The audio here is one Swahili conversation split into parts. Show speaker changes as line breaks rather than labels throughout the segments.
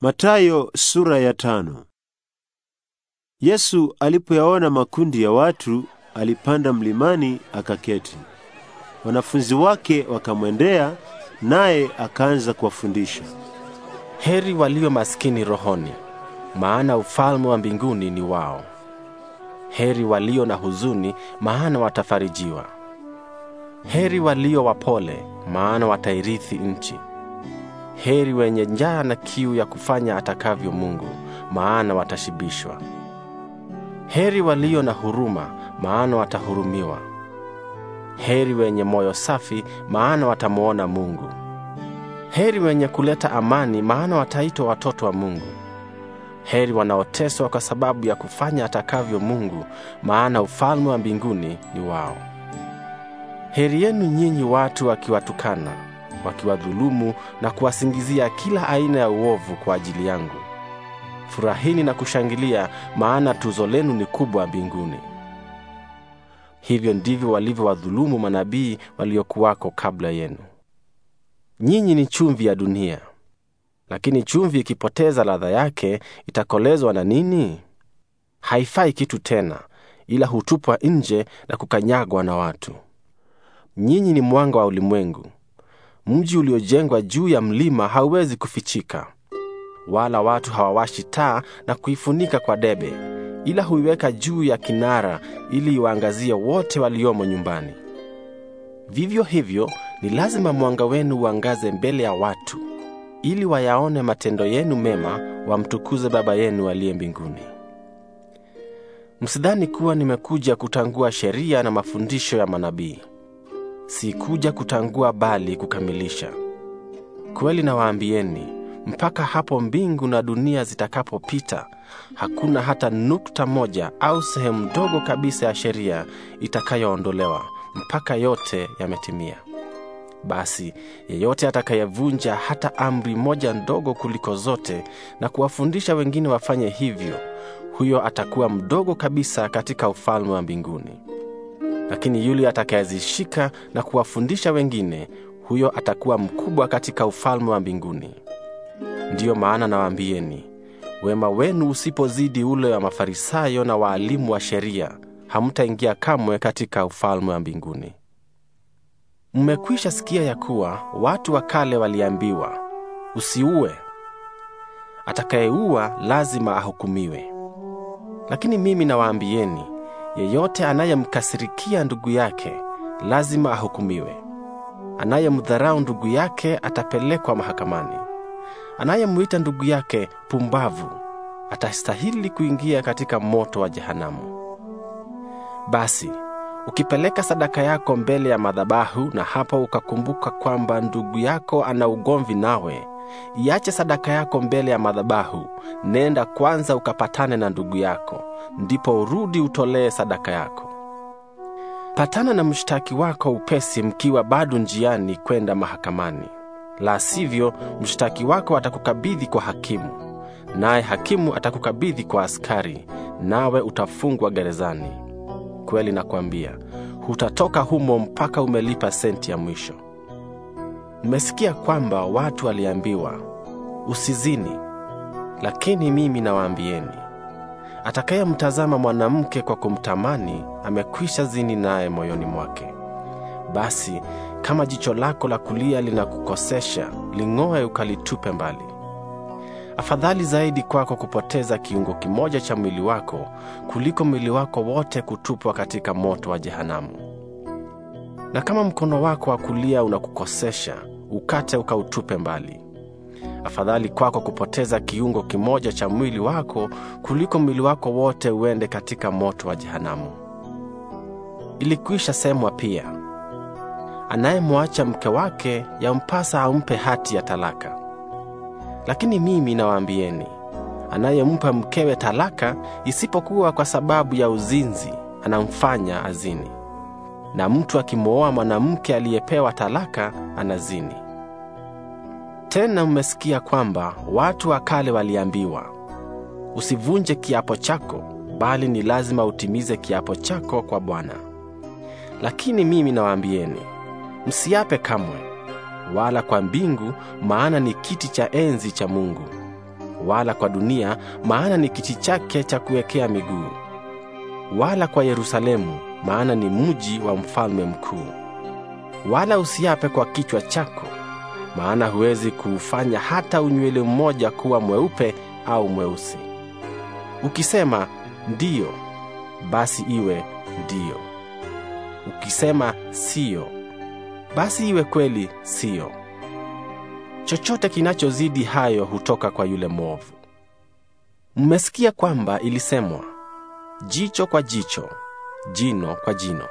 Matayo sura ya tano. Yesu alipoyaona makundi ya watu alipanda mlimani akaketi. Wanafunzi wake wakamwendea naye akaanza kuwafundisha. Heri walio maskini rohoni, maana ufalme wa mbinguni ni wao. Heri walio na huzuni, maana watafarijiwa. Heri walio wapole, maana watairithi nchi. Heri wenye njaa na kiu ya kufanya atakavyo Mungu, maana watashibishwa. Heri walio na huruma, maana watahurumiwa. Heri wenye moyo safi, maana watamwona Mungu. Heri wenye kuleta amani, maana wataitwa watoto wa Mungu. Heri wanaoteswa kwa sababu ya kufanya atakavyo Mungu, maana ufalme wa mbinguni ni wao. Heri yenu nyinyi watu wakiwatukana wakiwadhulumu na kuwasingizia kila aina ya uovu kwa ajili yangu. Furahini na kushangilia, maana tuzo lenu ni kubwa mbinguni. Hivyo ndivyo walivyowadhulumu manabii waliokuwako kabla yenu. Nyinyi ni chumvi ya dunia, lakini chumvi ikipoteza ladha yake itakolezwa na nini? Haifai kitu tena, ila hutupwa nje na kukanyagwa na watu. Nyinyi ni mwanga wa ulimwengu. Mji uliojengwa juu ya mlima hauwezi kufichika, wala watu hawawashi taa na kuifunika kwa debe, ila huiweka juu ya kinara ili iwaangazie wote waliomo nyumbani. Vivyo hivyo ni lazima mwanga wenu uangaze mbele ya watu, ili wayaone matendo yenu mema, wamtukuze Baba yenu aliye mbinguni. Msidhani kuwa nimekuja kutangua sheria na mafundisho ya manabii sikuja kutangua bali kukamilisha. Kweli nawaambieni, mpaka hapo mbingu na dunia zitakapopita, hakuna hata nukta moja au sehemu ndogo kabisa ya sheria itakayoondolewa mpaka yote yametimia. Basi yeyote atakayevunja hata amri moja ndogo kuliko zote na kuwafundisha wengine wafanye hivyo, huyo atakuwa mdogo kabisa katika ufalme wa mbinguni lakini yule atakayezishika na kuwafundisha wengine, huyo atakuwa mkubwa katika ufalme wa mbinguni. Ndiyo maana nawaambieni, wema wenu usipozidi ule wa Mafarisayo na waalimu wa sheria, hamtaingia kamwe katika ufalme wa mbinguni. Mmekwisha sikia ya kuwa watu wa kale waliambiwa, usiue, atakayeua lazima ahukumiwe. Lakini mimi nawaambieni Yeyote anayemkasirikia ndugu yake lazima ahukumiwe. Anayemdharau ndugu yake atapelekwa mahakamani. Anayemwita ndugu yake pumbavu atastahili kuingia katika moto wa jehanamu. Basi ukipeleka sadaka yako mbele ya madhabahu, na hapo ukakumbuka kwamba ndugu yako ana ugomvi nawe iache sadaka yako mbele ya madhabahu, nenda kwanza ukapatane na ndugu yako, ndipo urudi utolee sadaka yako. Patana na mshtaki wako upesi, mkiwa bado njiani kwenda mahakamani, la sivyo mshtaki wako atakukabidhi kwa hakimu, naye hakimu atakukabidhi kwa askari, nawe utafungwa gerezani. Kweli nakwambia, hutatoka humo mpaka umelipa senti ya mwisho. Mmesikia kwamba watu waliambiwa, usizini. Lakini mimi nawaambieni, atakayemtazama mwanamke kwa kumtamani amekwisha zini naye moyoni mwake. Basi kama jicho lako la kulia linakukosesha, ling'oe ukalitupe mbali. Afadhali zaidi kwako kupoteza kiungo kimoja cha mwili wako kuliko mwili wako wote kutupwa katika moto wa jehanamu. Na kama mkono wako wa kulia unakukosesha, ukate ukautupe mbali. Afadhali kwako kupoteza kiungo kimoja cha mwili wako kuliko mwili wako wote uende katika moto wa jehanamu. Ilikwisha semwa pia, anayemwacha mke wake yampasa ampe hati ya talaka. Lakini mimi nawaambieni, anayempa mkewe talaka, isipokuwa kwa sababu ya uzinzi, anamfanya azini na mtu akimwoa mwanamke aliyepewa talaka anazini. Tena mmesikia kwamba watu wa kale waliambiwa, usivunje kiapo chako, bali ni lazima utimize kiapo chako kwa Bwana. Lakini mimi nawaambieni, msiape kamwe, wala kwa mbingu, maana ni kiti cha enzi cha Mungu, wala kwa dunia, maana ni kiti chake cha kuwekea miguu wala kwa Yerusalemu, maana ni mji wa mfalme mkuu. Wala usiape kwa kichwa chako, maana huwezi kuufanya hata unywele mmoja kuwa mweupe au mweusi. Ukisema ndiyo, basi iwe ndiyo; ukisema siyo, basi iwe kweli siyo. Chochote kinachozidi hayo hutoka kwa yule mwovu. Mmesikia kwamba ilisemwa jicho kwa jicho, jino kwa jino.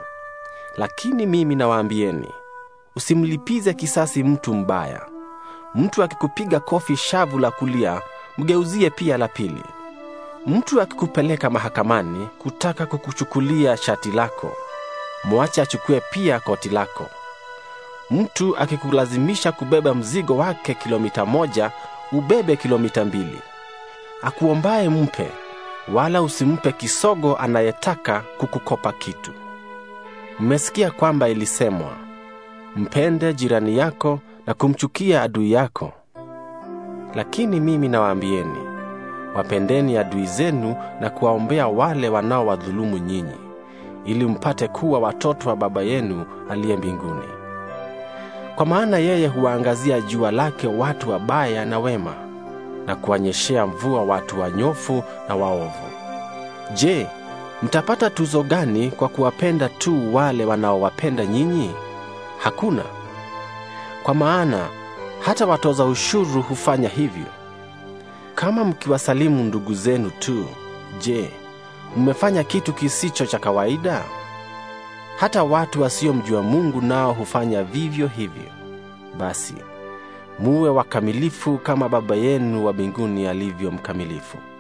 Lakini mimi nawaambieni, usimlipize kisasi mtu mbaya. Mtu akikupiga kofi shavu la kulia, mgeuzie pia la pili. Mtu akikupeleka mahakamani kutaka kukuchukulia shati lako, mwache achukue pia koti lako. Mtu akikulazimisha kubeba mzigo wake kilomita moja, ubebe kilomita mbili. Akuombaye mpe wala usimpe kisogo anayetaka kukukopa kitu. Mmesikia kwamba ilisemwa, mpende jirani yako na kumchukia adui yako. Lakini mimi nawaambieni, wapendeni adui zenu na kuwaombea wale wanaowadhulumu nyinyi, ili mpate kuwa watoto wa Baba yenu aliye mbinguni, kwa maana yeye huwaangazia jua lake watu wabaya na wema na kuwanyeshea mvua watu wanyofu na waovu. Je, mtapata tuzo gani kwa kuwapenda tu wale wanaowapenda nyinyi? Hakuna. Kwa maana hata watoza ushuru hufanya hivyo. Kama mkiwasalimu ndugu zenu tu, je, mmefanya kitu kisicho cha kawaida? Hata watu wasiomjua Mungu nao hufanya vivyo hivyo. Basi muwe wakamilifu kama Baba yenu wa mbinguni alivyo mkamilifu.